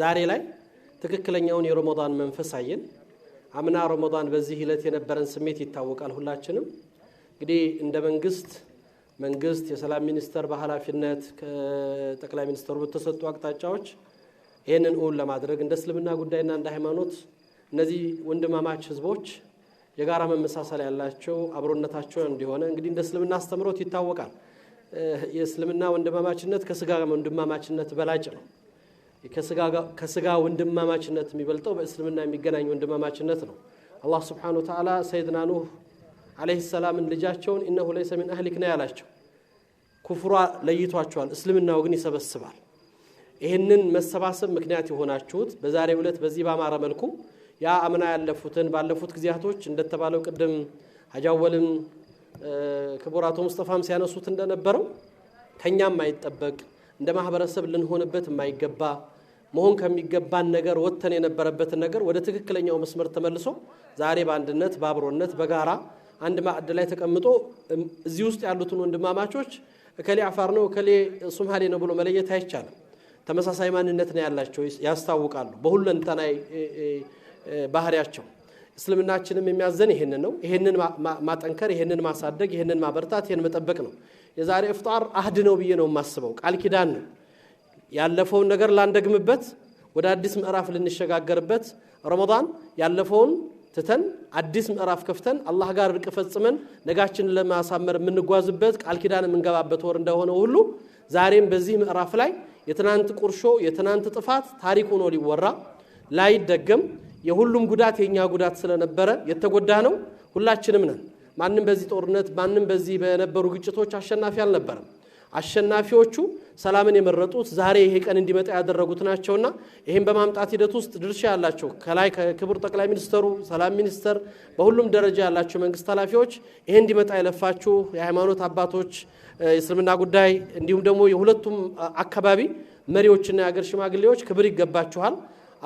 ዛሬ ላይ ትክክለኛውን የሮሞዳን መንፈስ አየን። አምና ረመዳን በዚህ ዕለት የነበረን ስሜት ይታወቃል። ሁላችንም እንግዲህ እንደ መንግስት መንግስት የሰላም ሚኒስቴር በኃላፊነት ከጠቅላይ ሚኒስትሩ በተሰጡ አቅጣጫዎች ይህንን እውን ለማድረግ እንደ እስልምና ጉዳይና እንደ ሃይማኖት እነዚህ ወንድማማች ህዝቦች የጋራ መመሳሰል ያላቸው አብሮነታቸው እንዲሆነ እንግዲህ እንደ እስልምና አስተምሮት ይታወቃል። የእስልምና ወንድማማችነት ከስጋ ወንድማማችነት በላጭ ነው። ከስጋ ወንድማማችነት የሚበልጠው በእስልምና የሚገናኝ ወንድማማችነት ነው። አላህ ስብሓነ ወተዓላ ሰይድና ኑህ ዓለይሂ ሰላምን ልጃቸውን ኢነሁ ለይሰ ሚን አህሊክ ያላቸው። ኩፍሯ ለይቷቸዋል፣ እስልምናው ግን ይሰበስባል። ይህንን መሰባሰብ ምክንያት የሆናችሁት በዛሬው ዕለት በዚህ ባማረ መልኩ ያ አምና ያለፉትን ባለፉት ጊዜያቶች እንደተባለው ቅድም አጃወልም ክቡር አቶ ሙስጠፋም ሲያነሱት እንደነበረው ከእኛም ማይጠበቅ እንደ ማህበረሰብ ልንሆንበት የማይገባ መሆን ከሚገባን ነገር ወጥተን የነበረበትን ነገር ወደ ትክክለኛው መስመር ተመልሶ ዛሬ በአንድነት በአብሮነት በጋራ አንድ ማዕድ ላይ ተቀምጦ እዚህ ውስጥ ያሉትን ወንድማማቾች እከሌ አፋር ነው እከሌ ሶማሌ ነው ብሎ መለየት አይቻልም። ተመሳሳይ ማንነት ነው ያላቸው፣ ያስታውቃሉ በሁለንተናዊ ባህሪያቸው። እስልምናችንም የሚያዘን ይሄንን ነው። ይሄንን ማጠንከር፣ ይሄንን ማሳደግ፣ ይሄንን ማበርታት፣ ይሄን መጠበቅ ነው። የዛሬ እፍጣር አህድ ነው ብዬ ነው የማስበው። ቃል ኪዳን ነው። ያለፈውን ነገር ላንደግምበት፣ ወደ አዲስ ምዕራፍ ልንሸጋገርበት ረመዳን ያለፈውን ትተን አዲስ ምዕራፍ ከፍተን አላህ ጋር እርቅ ፈጽመን ነጋችንን ለማሳመር የምንጓዝበት ቃል ኪዳን የምንገባበት ወር እንደሆነ ሁሉ ዛሬም በዚህ ምዕራፍ ላይ የትናንት ቁርሾ፣ የትናንት ጥፋት ታሪክ ሆኖ ሊወራ ላይደገም የሁሉም ጉዳት የእኛ ጉዳት ስለነበረ የተጎዳ ነው ሁላችንም ነን። ማንም በዚህ ጦርነት ማንም በዚህ በነበሩ ግጭቶች አሸናፊ አልነበረም። አሸናፊዎቹ ሰላምን የመረጡት ዛሬ ይሄ ቀን እንዲመጣ ያደረጉት ናቸውና ይህም በማምጣት ሂደት ውስጥ ድርሻ ያላቸው ከላይ ከክቡር ጠቅላይ ሚኒስተሩ፣ ሰላም ሚኒስተር፣ በሁሉም ደረጃ ያላቸው መንግስት ኃላፊዎች ይሄ እንዲመጣ የለፋችሁ የሃይማኖት አባቶች፣ የእስልምና ጉዳይ እንዲሁም ደግሞ የሁለቱም አካባቢ መሪዎችና የአገር ሽማግሌዎች ክብር ይገባችኋል።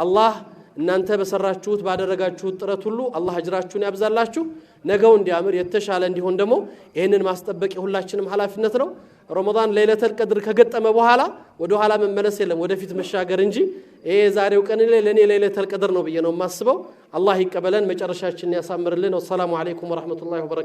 አላህ እናንተ በሰራችሁት ባደረጋችሁት ጥረት ሁሉ አላህ አጅራችሁን ያብዛላችሁ። ነገው እንዲያምር የተሻለ እንዲሆን ደግሞ ይህንን ማስጠበቅ የሁላችንም ኃላፊነት ነው። ረመዳን ለይለተል ቀድር ከገጠመ በኋላ ወደ ኋላ መመለስ የለም ወደፊት መሻገር እንጂ ይሄ የዛሬው ቀን ላይ ለእኔ ለይለተል ቀድር ነው ብዬ ነው የማስበው። አላህ ይቀበለን፣ መጨረሻችንን ያሳምርልን። ወሰላሙ አለይኩም ወረሕመቱላሂ ወበረካቱ